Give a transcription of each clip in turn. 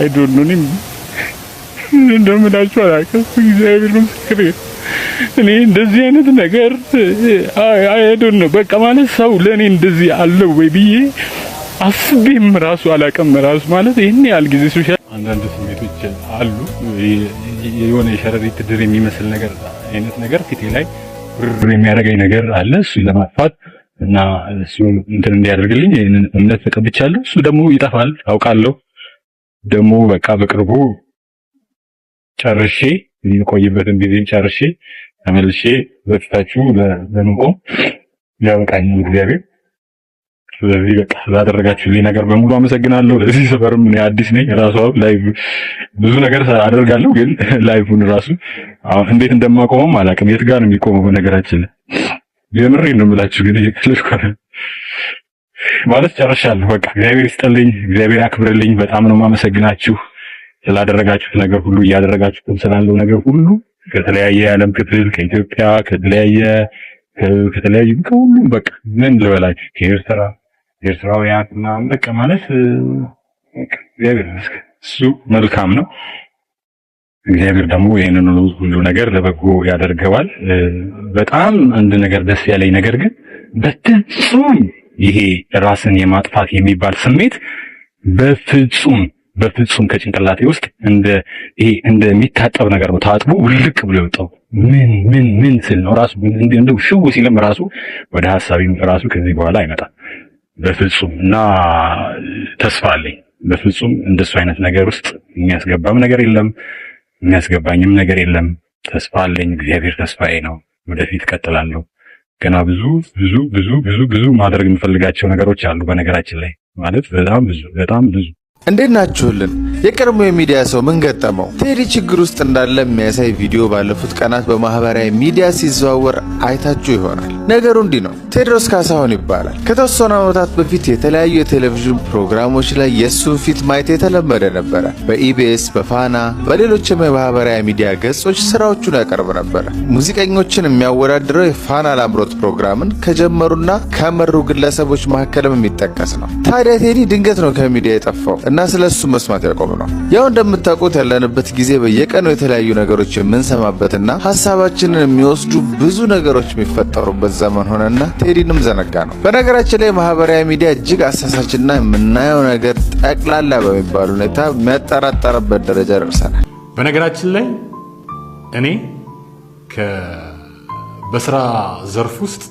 አይዶን እንደምላችሁ አላውቅም። እግዚአብሔር ምስክሬ እኔ እንደዚህ አይነት ነገር አይዶን ነው በቃ ማለት ሰው ለኔ እንደዚህ አለው ወይ ብዬ አስቤም ራሱ አላውቅም። ራሱ ማለት ይሄን ያህል ጊዜ ሶሻል አንዳንድ ስሜቶች አሉ። የሆነ የሸረሪት ድር የሚመስል ነገር አይነት ነገር ፊቴ ላይ ብር የሚያደርገኝ ነገር አለ። እሱ ለማጥፋት እና እሱ እንትን እንዲያደርግልኝ ይህንን እምነት ተቀብቻለሁ። እሱ ደግሞ ይጠፋል አውቃለሁ። ደግሞ በቃ በቅርቡ ጨርሼ የሚቆይበትን ጊዜ ጨርሼ ተመልሼ በፊታችሁ ለመቆም ያበቃኝ እግዚአብሔር። ስለዚህ በቃ ላደረጋችሁልኝ ነገር በሙሉ አመሰግናለሁ። ለዚህ ሰፈርም እኔ አዲስ ነኝ። ራሱ ላይቭ ብዙ ነገር አደርጋለሁ፣ ግን ላይቭን ራሱ አሁን እንዴት እንደማቆመም አላውቅም። የት ጋር ነው የሚቆመው? በነገራችን የምሬን ነው የምላችሁ ግን ማለት ጨርሻለሁ። በቃ እግዚአብሔር ይስጥልኝ፣ እግዚአብሔር ያክብርልኝ። በጣም ነው ማመሰግናችሁ ስላደረጋችሁት ነገር ሁሉ እያደረጋችሁትም ስላለው ነገር ሁሉ ከተለያየ የዓለም ክፍል ከኢትዮጵያ ከተለያየ ከተለያዩ ከሁሉም በቃ ምን ልበላችሁ ከኤርትራ ኤርትራውያን ምናምን በቃ ማለት እግዚአብሔር ይመስገን እሱ መልካም ነው። እግዚአብሔር ደግሞ ይህንን ሁሉ ነገር ለበጎ ያደርገዋል። በጣም አንድ ነገር ደስ ያለኝ ነገር ግን በፍጹም ይሄ ራስን የማጥፋት የሚባል ስሜት በፍጹም በፍጹም ከጭንቅላቴ ውስጥ እንደ ይሄ እንደሚታጠብ ነገር ነው ታጥቦ ውልቅ ብሎ የወጣው። ምን ምን ምን ስል ነው ራሱ እንደው ሽው ሲልም ራሱ ወደ ሀሳቢም ራሱ ከዚህ በኋላ አይመጣም በፍጹም እና ተስፋ አለኝ። በፍጹም እንደሱ አይነት ነገር ውስጥ የሚያስገባም ነገር የለም፣ የሚያስገባኝም ነገር የለም። ተስፋ አለኝ። እግዚአብሔር ተስፋዬ ነው። ወደፊት እቀጥላለሁ። ገና ብዙ ብዙ ብዙ ብዙ ብዙ ማድረግ የምፈልጋቸው ነገሮች አሉ። በነገራችን ላይ ማለት በጣም ብዙ በጣም ብዙ። እንዴት ናችሁልን? የቀድሞ የሚዲያ ሰው ምን ገጠመው? ቴዲ ችግር ውስጥ እንዳለ የሚያሳይ ቪዲዮ ባለፉት ቀናት በማህበራዊ ሚዲያ ሲዘዋወር አይታችሁ ይሆናል። ነገሩ እንዲህ ነው። ቴድሮስ ካሳሁን ይባላል። ከተወሰኑ ዓመታት በፊት የተለያዩ የቴሌቪዥን ፕሮግራሞች ላይ የእሱን ፊት ማየት የተለመደ ነበረ። በኢቢኤስ፣ በፋና፣ በሌሎችም የማህበራዊ ሚዲያ ገጾች ስራዎቹን ያቀርብ ነበረ። ሙዚቀኞችን የሚያወዳድረው የፋና ላምሮት ፕሮግራምን ከጀመሩና ከመሩ ግለሰቦች መካከልም የሚጠቀስ ነው። ታዲያ ቴዲ ድንገት ነው ከሚዲያ የጠፋው እና ስለ እሱ መስማት ያቆመ ነው። ያው እንደምታውቁት ያለንበት ጊዜ በየቀኑ የተለያዩ ነገሮች የምንሰማበትና ሀሳባችንን የሚወስዱ ብዙ ነገሮች የሚፈጠሩበት ዘመን ሆነና ቴዲንም ዘነጋ ነው። በነገራችን ላይ ማህበራዊ ሚዲያ እጅግ አሳሳችና የምናየው ነገር ጠቅላላ በሚባል ሁኔታ የሚያጠራጠርበት ደረጃ ደርሰናል። በነገራችን ላይ እኔ በስራ ዘርፍ ውስጥ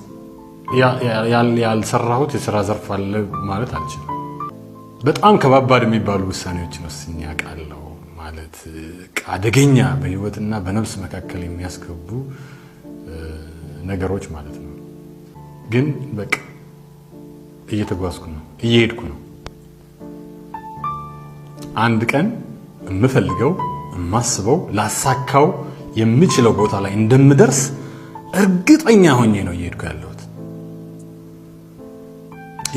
ያልሰራሁት የስራ ዘርፍ አለ ማለት አልችልም። በጣም ከባባድ የሚባሉ ውሳኔዎችን ወስኜ አውቃለሁ። ማለት አደገኛ በህይወትና በነፍስ መካከል የሚያስገቡ ነገሮች ማለት ነው። ግን በቃ እየተጓዝኩ ነው፣ እየሄድኩ ነው። አንድ ቀን የምፈልገው የማስበው ላሳካው የምችለው ቦታ ላይ እንደምደርስ እርግጠኛ ሆኜ ነው እየሄድኩ ያለሁት።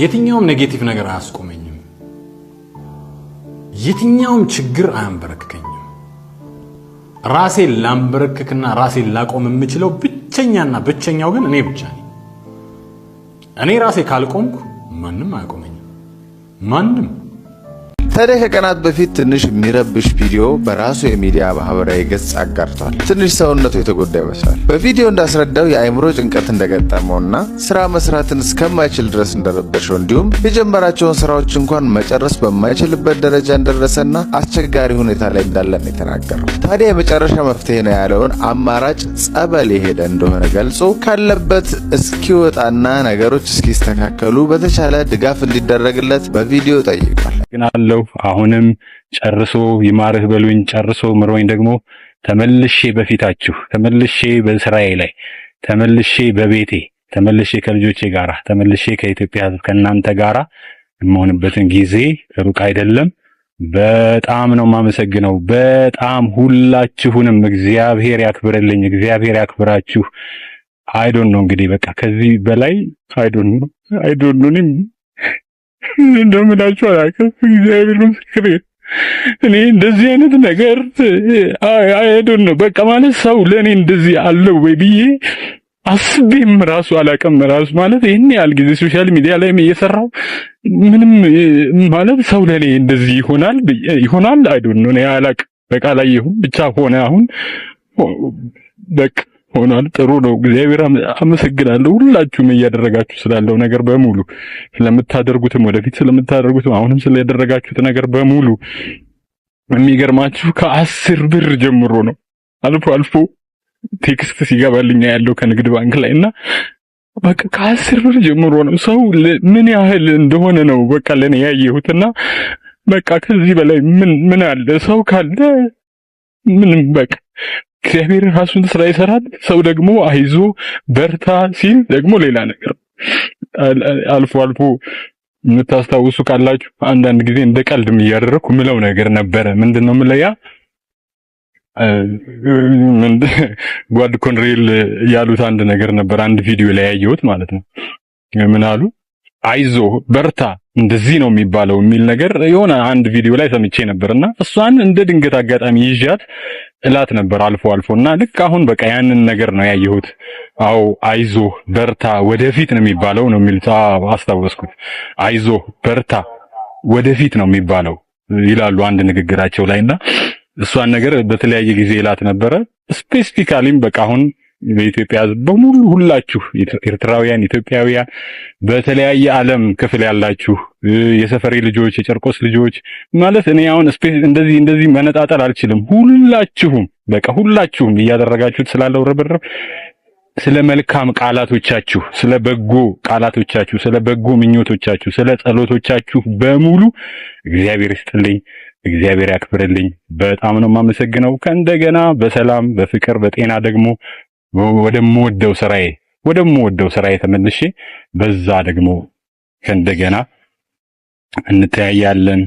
የትኛውም ኔጌቲቭ ነገር አያስቆመኝም። የትኛውም ችግር አያንበረክከኝም። ራሴን ላንበረክክና ራሴን ላቆም የምችለው ብቸኛና ብቸኛው ግን እኔ ብቻ ነኝ። እኔ ራሴ ካልቆምኩ ማንም አያቆመኝም። ማንም ታዲያ ከቀናት በፊት ትንሽ የሚረብሽ ቪዲዮ በራሱ የሚዲያ ማህበራዊ ገጽ አጋርቷል። ትንሽ ሰውነቱ የተጎዳ ይመስላል። በቪዲዮ እንዳስረዳው የአእምሮ ጭንቀት እንደገጠመውና ስራ መስራትን እስከማይችል ድረስ እንደረበሸው እንዲሁም የጀመራቸውን ስራዎች እንኳን መጨረስ በማይችልበት ደረጃ እንደደረሰና አስቸጋሪ ሁኔታ ላይ እንዳለን የተናገረው ታዲያ የመጨረሻ መፍትሄ ነው ያለውን አማራጭ ጸበል የሄደ እንደሆነ ገልጾ ካለበት እስኪወጣና ነገሮች እስኪስተካከሉ በተቻለ ድጋፍ እንዲደረግለት በቪዲዮ ጠይቋል። አመሰግናለሁ። አሁንም ጨርሶ ይማርህ በሉኝ። ጨርሶ ምሮኝ ደግሞ ተመልሼ በፊታችሁ ተመልሼ በስራዬ ላይ ተመልሼ በቤቴ ተመልሼ ከልጆቼ ጋራ ተመልሼ ከኢትዮጵያ ሕዝብ ከእናንተ ጋራ የመሆንበትን ጊዜ ሩቅ አይደለም። በጣም ነው የማመሰግነው። በጣም ሁላችሁንም እግዚአብሔር ያክብርልኝ፣ እግዚአብሔር ያክብራችሁ። አይዶን ነው እንግዲህ በቃ ከዚህ በላይ አይዶን ነው አይዶን ነው እንደምላችሁ አላውቅም። እግዚአብሔር ምስክሬ እኔ እንደዚህ አይነት ነገር አይሄዱን ነው በቃ ማለት ሰው ለእኔ እንደዚህ አለው ወይ ብዬ አስቤም ራሱ አላውቅም። ራሱ ማለት ይህን ያህል ጊዜ ሶሻል ሚዲያ ላይ እየሰራው ምንም ማለት ሰው ለእኔ እንደዚህ ይሆናል ይሆናል አይዶን ነው እኔ አላውቅም። በቃ ላይ ይሁን ብቻ ሆነ አሁን በቃ ሆኗል። ጥሩ ነው። እግዚአብሔር አመሰግናለሁ፣ ሁላችሁም እያደረጋችሁ ስላለው ነገር በሙሉ ስለምታደርጉትም፣ ወደፊት ስለምታደርጉትም፣ አሁንም ስላደረጋችሁት ነገር በሙሉ የሚገርማችሁ ከአስር ብር ጀምሮ ነው። አልፎ አልፎ ቴክስት ሲገባልኛ ያለው ከንግድ ባንክ ላይ እና በቃ ከአስር ብር ጀምሮ ነው ሰው ምን ያህል እንደሆነ ነው በቃ ለኔ ያየሁትና በቃ ከዚህ በላይ ምን ምን አለ ሰው ካለ ምንም በቃ እግዚአብሔር ራሱን ስራ ይሰራል። ሰው ደግሞ አይዞ በርታ ሲል ደግሞ ሌላ ነገር። አልፎ አልፎ የምታስታውሱ ካላችሁ አንዳንድ ጊዜ እንደ ቀልድም እያደረኩ ምለው ነገር ነበረ። ምንድን ነው ምለያ ጓድ ኮንሬል ያሉት አንድ ነገር ነበር። አንድ ቪዲዮ ላይ ያየሁት ማለት ነው። ምን አሉ አይዞ በርታ እንደዚህ ነው የሚባለው የሚል ነገር የሆነ አንድ ቪዲዮ ላይ ሰምቼ ነበርና እሷን እንደ ድንገት አጋጣሚ ይዣት እላት ነበር አልፎ አልፎና ልክ አሁን በቃ ያንን ነገር ነው ያየሁት። አዎ አይዞ በርታ ወደፊት ነው የሚባለው ነው የሚል አስታወስኩት። አይዞ በርታ ወደፊት ነው የሚባለው ይላሉ አንድ ንግግራቸው ላይና እሷን ነገር በተለያየ ጊዜ እላት ነበረ ስፔሲፊካሊም በቃ አሁን በኢትዮጵያ ህዝብ በሙሉ ሁላችሁ ኤርትራውያን፣ ኢትዮጵያውያን በተለያየ ዓለም ክፍል ያላችሁ የሰፈሬ ልጆች፣ የጨርቆስ ልጆች ማለት እኔ አሁን ስፔስ እንደዚህ እንደዚህ መነጣጠል አልችልም። ሁላችሁም በቃ ሁላችሁም እያደረጋችሁት ስላለው ርብርብ ስለ መልካም ቃላቶቻችሁ፣ ስለ በጎ ቃላቶቻችሁ፣ ስለ በጎ ምኞቶቻችሁ፣ ስለ ጸሎቶቻችሁ በሙሉ እግዚአብሔር ይስጥልኝ፣ እግዚአብሔር ያክብርልኝ። በጣም ነው የማመሰግነው። ከእንደገና በሰላም በፍቅር በጤና ደግሞ ወደምወደው ስራዬ ወደምወደው ስራዬ ተመልሼ በዛ ደግሞ ከእንደገና እንተያያለን፣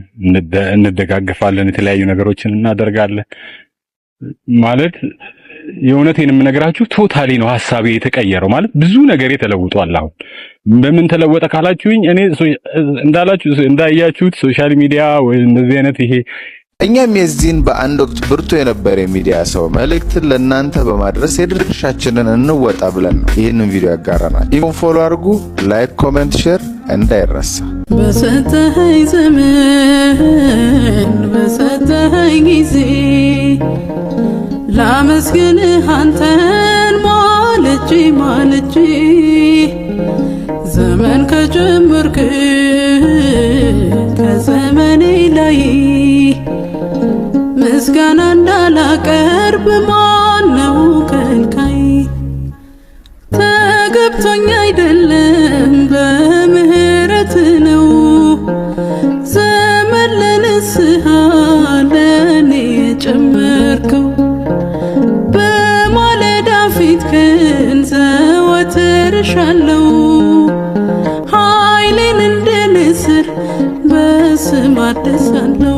እንደጋገፋለን፣ የተለያዩ ነገሮችን እናደርጋለን። ማለት የእውነቴን የምነግራችሁ ቶታሊ ነው ሀሳቤ የተቀየረው። ማለት ብዙ ነገር ተለውጧል። አሁን በምን ተለወጠ ካላችሁኝ እኔ እንዳላችሁ እንዳያችሁት ሶሻል ሚዲያ ወይ እንደዚህ አይነት ይሄ እኛም የዚህን በአንድ ወቅት ብርቱ የነበረ የሚዲያ ሰው መልእክትን ለእናንተ በማድረስ የድርሻችንን እንወጣ ብለን ነው ይህንን ቪዲዮ ያጋራናል። ኢፎን ፎሎ አድርጉ፣ ላይክ፣ ኮሜንት፣ ሼር እንዳይረሳ። በሰጠኸኝ ዘመን በሰጠኸኝ ጊዜ ላመስግንህ አንተን ማልጄ ማልጄ ዘመን ከጀመርክ ከዘመን ቀርብ ማነው ከልካይ? ተገብቶኝ አይደለም በምህረት ነው ዘመን ለንስሐ ለኔ የጨመርከው በማለዳ ፊት ግን ዘወትርሻለው ኃይሌን እንደ ንስር በስም አደሳለው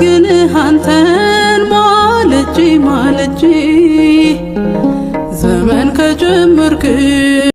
ላመስግንህ አንተን ማልጄ ማልጄ